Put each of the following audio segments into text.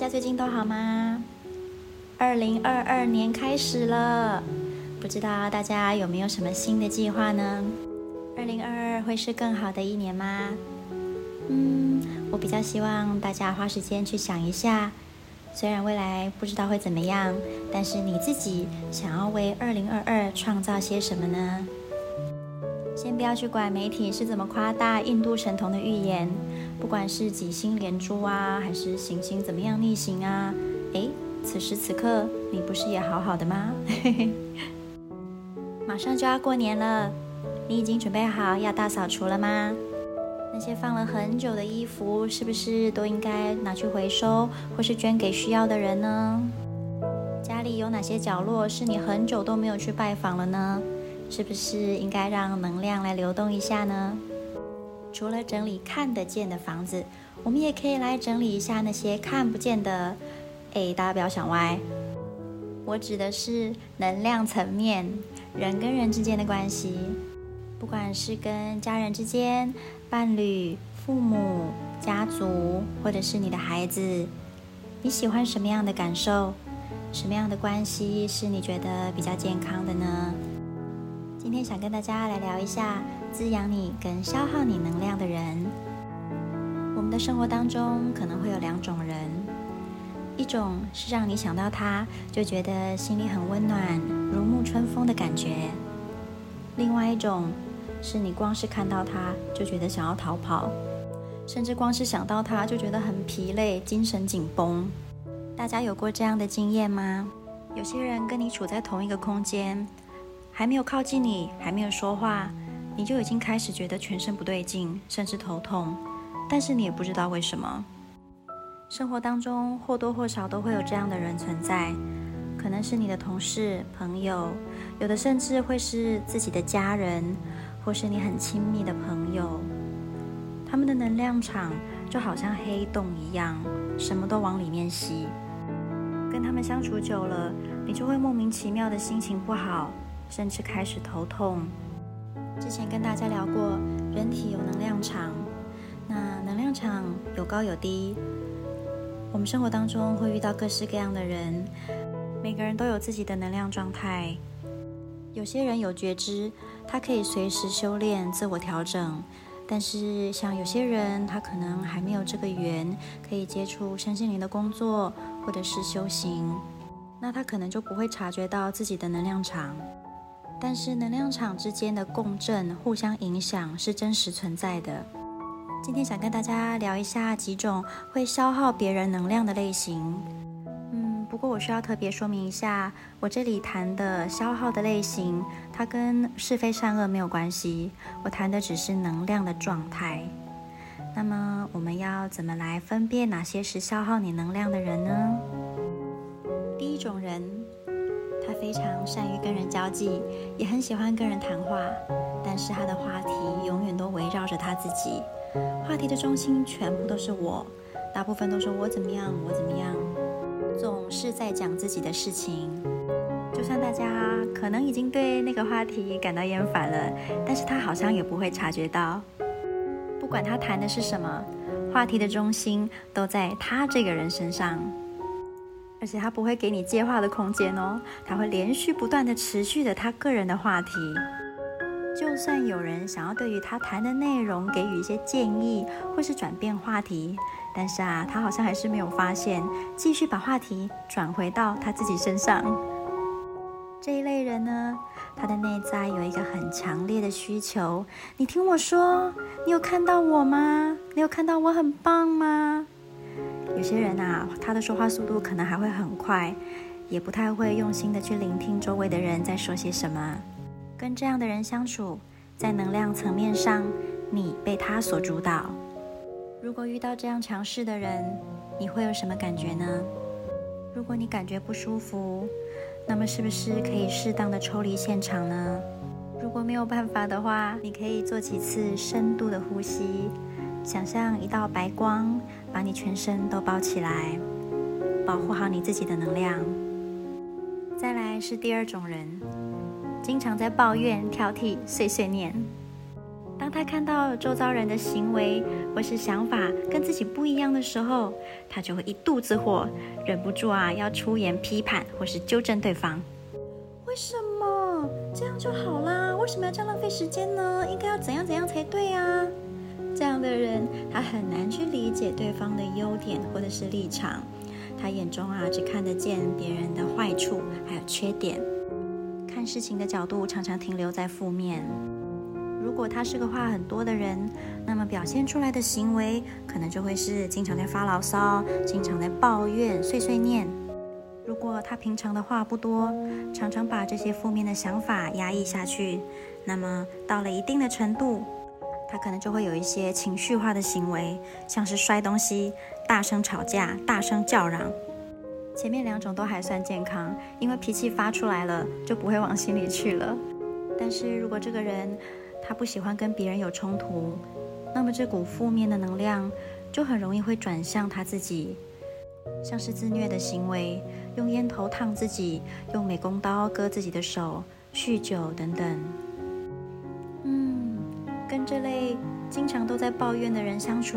大家最近都好嗎？二零二二年開始了，不知道大家有沒有什麼新的計劃呢？二零二二會是更好的一年嗎？嗯，我比較希望大家花時間去想一下。雖然未來不知道會怎麼樣，但是你自己想要為二零二二創造些什麼呢？先不要去管媒體是怎麼誇大印度神童的預言。不管是幾星連珠啊，還是行星怎麼樣逆行啊，哎，此時此刻你不是也好好的嗎？ 馬上就要過年了，你已經準備好要大掃除了嗎？那些放了很久的衣服，是不是都應該拿去回收，或是捐給需要的人呢？家裡有哪些角落是你很久都沒有去拜訪了呢？是不是應該讓能量來流動一下呢？除了整理看得見的房子，我們也可以來整理一下那些看不見的。誒，大家不要想歪，我指的是能量層面，人跟人之間的關係。不管是跟家人之間、伴侶、父母、家族，或者是你的孩子，你喜歡什麼樣的感受？什麼樣的關係是你覺得比較健康的呢？今天想跟大家來聊一下滋養你跟消耗你能量的人。我們的生活當中可能會有兩種人，一種是讓你想到他就覺得心裡很溫暖、如沐春風的感覺；另外一種是你光是看到他就覺得想要逃跑，甚至光是想到他就覺得很疲累、精神緊繃。大家有過這樣的經驗嗎？有些人跟你處在同一個空間。還沒有靠近你，還沒有說話，你就已經開始覺得全身不對勁，甚至頭痛。但是你也不知道為什麼。生活當中或多或少都會有這樣的人存在，可能是你的同事、朋友，有的甚至會是自己的家人，或是你很親密的朋友。他們的能量場就好像黑洞一樣，什麼都往裡面吸。跟他們相處久了，你就會莫名其妙的心情不好。甚至開始頭痛。之前跟大家聊過，人體有能量場，那能量場有高有低。我們生活當中會遇到各式各樣的人，每個人都有自己的能量狀態。有些人有覺知，他可以隨時修煉、自我調整；但是像有些人，他可能還沒有這個緣，可以接觸身心靈的工作或者是修行，那他可能就不會察覺到自己的能量場。但是能量場之間的共振互相影響，是真實存在的。今天想跟大家聊一下幾種會消耗別人能量的類型。嗯，不過我需要特別說明一下，我這裡談的消耗的類型，它跟是非善惡沒有關係，我談的只是能量的狀態。那麼我們要怎麼來分辨哪些是消耗你能量的人呢？第一種人。他非常善於跟人交際，也很喜歡跟人談話，但是他的話題永遠都圍繞着他自己，話題的中心全部都是我，大部分都說我怎麼樣，我怎麼樣，總是在講自己的事情。就算大家可能已經對那個話題感到厭煩了，但是他好像也不會察覺到，不管他談的是什麼，話題的中心都在他這個人身上。而且他不會給你接話的空間哦，他會連續不斷地持續的他個人的話題。就算有人想要對於他談的內容給予一些建議或是轉變話題，但是啊，他好像還是沒有發現，繼續把話題轉回到他自己身上。這一類人呢，他的內在有一個很強烈的需求。你聽我說，你有看到我嗎？你有看到我很棒嗎？有些人啊，他的說話速度可能還會很快，也不太會用心的去聆聽周圍的人在說些什麼。跟這樣的人相處，在能量層面上，你被他所主導。如果遇到這樣強勢的人，你會有什麼感覺呢？如果你感覺不舒服，那麼是不是可以適當的抽離現場呢？如果沒有辦法的話，你可以做幾次深度的呼吸，想象一道白光。把你全身都包起來，保護好你自己的能量。再來是第二種人，經常在抱怨、挑剔、碎碎念。當他看到周遭人的行為或是想法跟自己不一樣的時候，他就會一肚子火，忍不住啊，要出言批判或是糾正對方。為什麼這樣就好啦？為什麼要這樣浪費時間呢？應該要怎樣怎樣才對啊？這樣的人，他很難去理解對方的優點或者是立場，他眼中啊，只看得見別人的壞處還有缺點，看事情的角度常常停留在負面。如果他是個話很多的人，那麼表現出來的行為可能就會是經常在發牢騷、經常在抱怨、碎碎念。如果他平常的話不多，常常把這些負面的想法壓抑下去，那麼到了一定的程度，他可能就會有一些情緒化的行為，像是摔東西、大聲吵架、大聲叫嚷。前面兩種都還算健康，因為脾氣發出來了，就不會往心裡去了。但是如果這個人他不喜歡跟別人有衝突，那麼這股負面的能量就很容易會轉向他自己，像是自虐的行為，用煙頭燙自己，用美工刀割自己的手，酗酒等等。這類經常都在抱怨的人相處，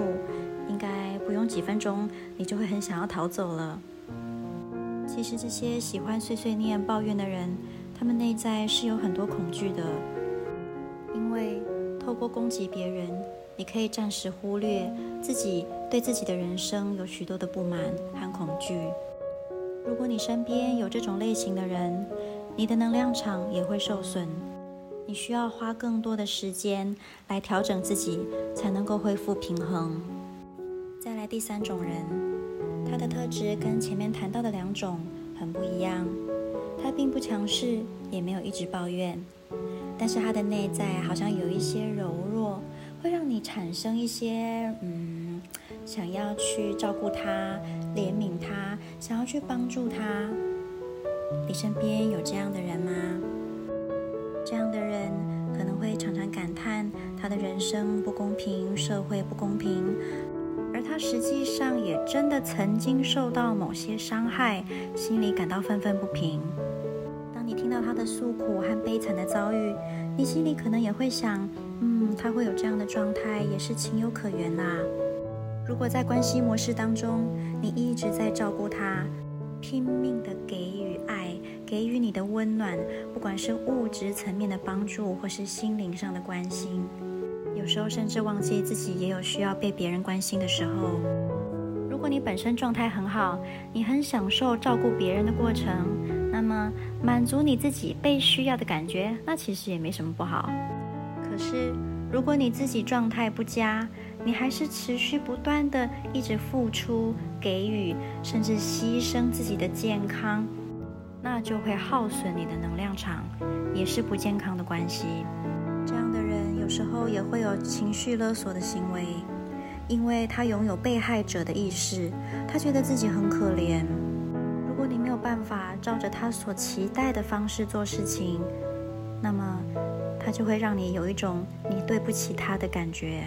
應該不用幾分鐘，你就會很想要逃走了。其實，這些喜歡碎碎念、抱怨的人，他們內在是有很多恐懼的。因為透過攻擊別人，你可以暫時忽略自己對自己的人生有許多的不滿和恐懼。如果你身邊有這種類型的人，你的能量場也會受損。你需要花更多的時間來調整自己，才能夠恢復平衡。再來第三種人，他的特質跟前面談到的兩種很不一樣，他並不強勢，也沒有一直抱怨，但是他的內在好像有一些柔弱，會讓你產生一些嗯，想要去照顧他、憐憫他、想要去幫助他。你身邊有這樣的人嗎？這樣的人可能會常常感嘆他的人生不公平，社會不公平，而他實際上也真的曾經受到某些傷害，心裡感到憤憤不平。當你聽到他的訴苦和悲慘的遭遇，你心裡可能也會想：嗯，他會有這樣的狀態也是情有可原啦、啊。如果在關係模式當中，你一直在照顧他。拼命地給予愛，給予你的溫暖，不管是物質層面的幫助，或是心靈上的關心，有時候甚至忘記自己也有需要被別人關心的時候。如果你本身狀態很好，你很享受照顧別人的過程，那麼滿足你自己被需要的感覺，那其實也沒什麼不好。可是，如果你自己狀態不佳，你還是持續不斷地一直付出、給予，甚至犧牲自己的健康，那就會耗損你的能量場，也是不健康的關係。這樣的人有時候也會有情緒勒索的行為，因為他擁有被害者的意識，他覺得自己很可憐。如果你沒有辦法照着他所期待的方式做事情，那麼他就會讓你有一種你對不起他的感覺。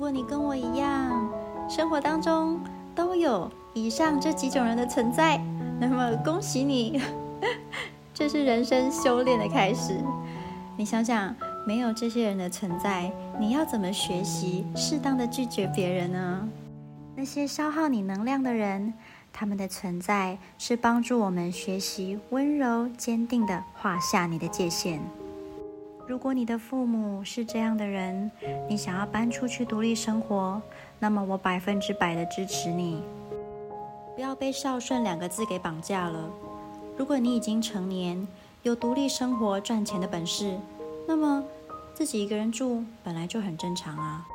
如果你跟我一樣，生活當中都有以上這幾種人的存在，那麼恭喜你，這是人生修煉的開始。你想想，沒有這些人的存在，你要怎麼學習適當的拒絕別人呢？那些消耗你能量的人，他們的存在是幫助我們學習溫柔堅定地劃下你的界限。如果你的父母是這樣的人，你想要搬出去獨立生活，那麼我百分之百的支持你。不要被“孝順”兩個字給綁架了。如果你已經成年，有獨立生活、賺錢的本事，那麼自己一個人住本來就很正常啊。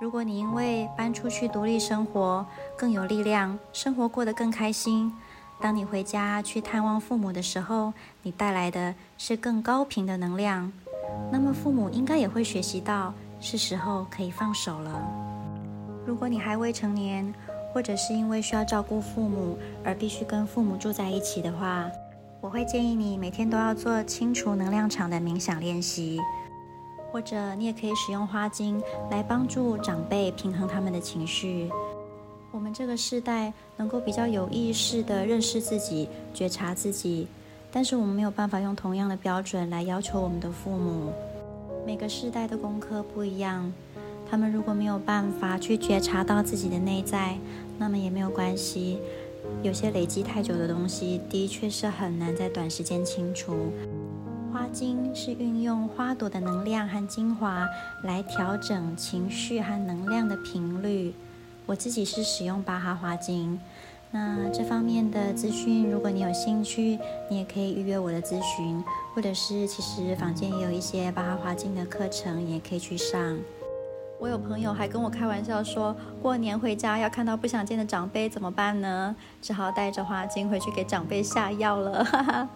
如果你因為搬出去獨立生活更有力量，生活過得更開心，當你回家去探望父母的時候，你帶來的是更高頻的能量。那麼父母應該也會學習到，是時候可以放手了。如果你還未成年，或者是因為需要照顧父母而必須跟父母住在一起的話，我會建議你每天都要做清除能量場的冥想練習，或者你也可以使用花精來幫助長輩平衡他們的情緒。我們這個時代能夠比較有意識地認識自己、覺察自己。但是我們沒有辦法用同樣的標準來要求我們的父母。每個時代的功課不一樣，他們如果沒有辦法去覺察到自己的內在，那麼也沒有關係。有些累積太久的東西，的確是很難在短時間清除。花精是運用花朵的能量和精華來調整情緒和能量的頻率。我自己是使用巴哈花精。那這方面的資訊，如果你有興趣，你也可以預約我的諮詢，或者是其實坊間也有一些巴哈花精的課程，也可以去上。我有朋友還跟我開玩笑說，過年回家要看到不想見的長輩怎麼辦呢？只好帶着花精回去給長輩下藥了哈哈。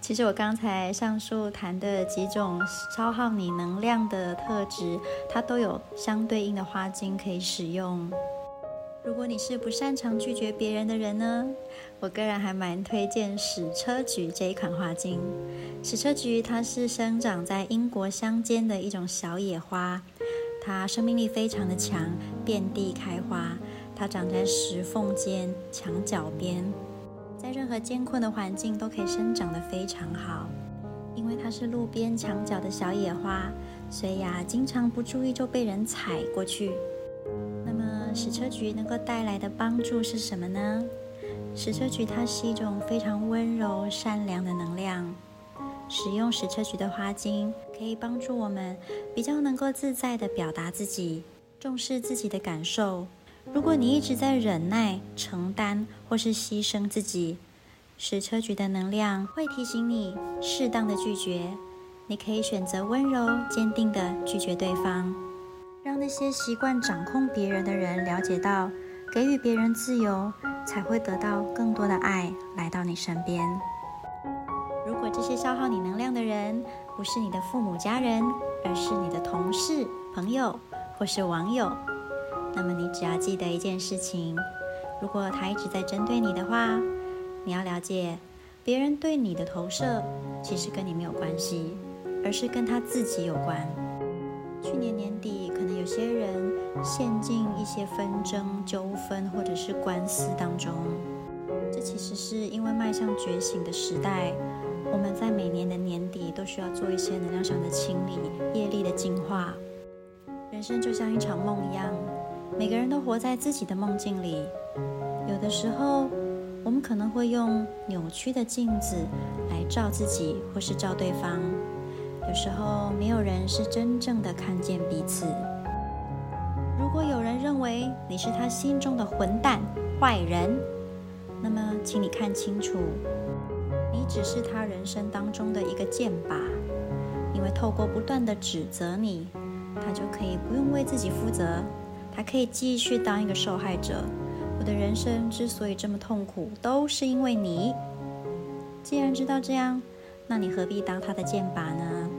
其實我剛才上述談的幾種消耗你能量的特質，它都有相對應的花精可以使用。如果你是不擅長拒絕別人的人呢，我個人還蠻推薦矢車菊這一款花精。矢車菊它是生長在英國鄉間的一種小野花，它生命力非常的強，遍地開花。它長在石縫間、牆角邊，在任何艱困的環境都可以生長得非常好。因為它是路邊牆角的小野花，所以啊，經常不注意就被人踩過去。矢車菊能夠帶來的幫助是什麼呢？矢車菊它是一種非常溫柔、善良的能量。使用矢車菊的花精，可以幫助我們比較能夠自在的表達自己，重視自己的感受。如果你一直在忍耐、承擔或是犧牲自己，矢車菊的能量會提醒你適當的拒絕。你可以選擇溫柔堅定的拒絕對方。讓那些習慣掌控別人的人了解到，給予別人自由，才會得到更多的愛來到你身邊。如果這些消耗你能量的人不是你的父母、家人，而是你的同事、朋友或是網友，那麼你只要記得一件事情：如果他一直在針對你的話，你要了解，別人對你的投射其實跟你沒有關係，而是跟他自己有關。去年年底有些人陷進一些紛爭、糾紛或者是官司當中，這其實是因為邁向覺醒的時代，我們在每年的年底都需要做一些能量上的清理、業力的淨化。人生就像一場夢一樣，每個人都活在自己的夢境裡。有的時候，我們可能會用扭曲的鏡子來照自己，或是照對方。有時候，沒有人是真正的看見彼此。如果有人認為你是他心中的混蛋、壞人，那麼請你看清楚，你只是他人生當中的一個箭靶。因為透過不斷的指責你，他就可以不用為自己負責，他可以繼續當一個受害者。我的人生之所以這麼痛苦，都是因為你。既然知道這樣，那你何必當他的箭靶呢？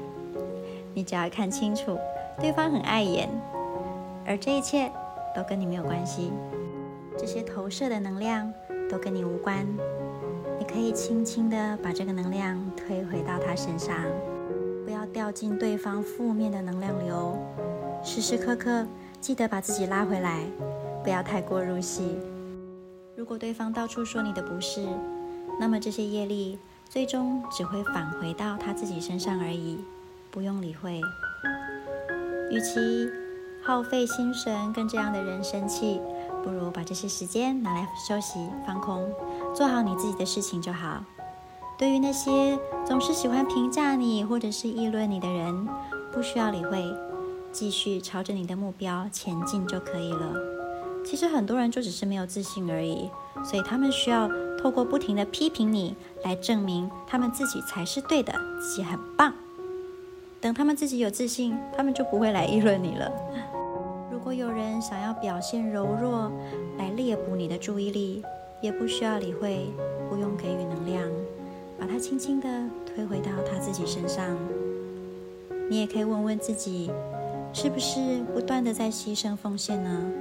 你只要看清楚，對方很礙眼。而這一切都跟你沒有關係，這些投射的能量都跟你無關。你可以輕輕地把這個能量推回到他身上，不要掉進對方負面的能量流。時時刻刻記得把自己拉回來，不要太過入戲。如果對方到處說你的不是，那麼這些業力最終只會返回到他自己身上而已，不用理會。與其……耗費心神跟這樣的人生氣，不如把這些時間拿來休息、放空，做好你自己的事情就好。對於那些總是喜歡評價你或者是議論你的人，不需要理會，繼續朝着你的目標前進就可以了。其實很多人就只是沒有自信而已，所以他們需要透過不停地批評你來證明他們自己才是對的，自己很棒。等他們自己有自信，他們就不會來議論你了。如果有人想要表現柔弱來獵捕你的注意力，也不需要理會，不用給予能量，把它輕輕地推回到他自己身上。你也可以問問自己，是不是不斷的在犧牲奉獻呢？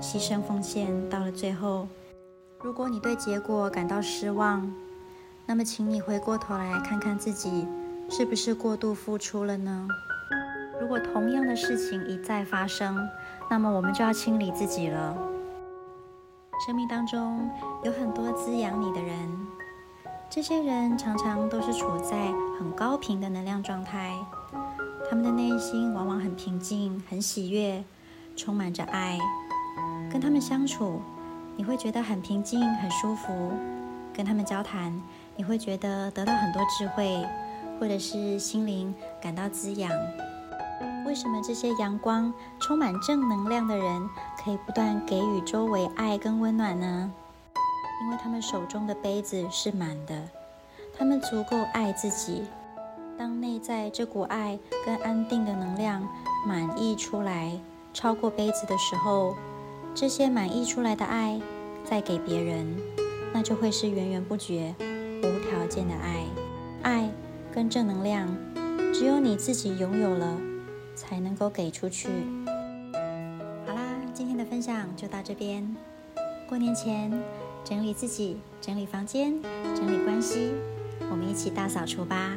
犧牲奉獻到了最後，如果你對結果感到失望，那麼請你回過頭來看看自己是不是過度付出了呢？如果同樣的事情一再發生，那麼我們就要清理自己了。生命當中有很多滋養你的人，這些人常常都是處在很高頻的能量狀態，他們的內心往往很平靜、很喜悅，充滿着愛。跟他們相處，你會覺得很平靜、很舒服；跟他們交談，你會覺得得到很多智慧，或者是心靈感到滋養。為什麼這些陽光、充滿正能量的人可以不斷給予周圍愛跟溫暖呢？因為他們手中的杯子是滿的，他們足夠愛自己。當內在這股愛跟安定的能量滿溢出來，超過杯子的時候，這些滿溢出來的愛再給別人，那就會是源源不絕、無條件的愛。愛跟正能量，只有你自己擁有了，才能夠給出去。好啦，今天的分享就到這邊。過年前整理自己，整理房間，整理關係，我們一起大掃除吧。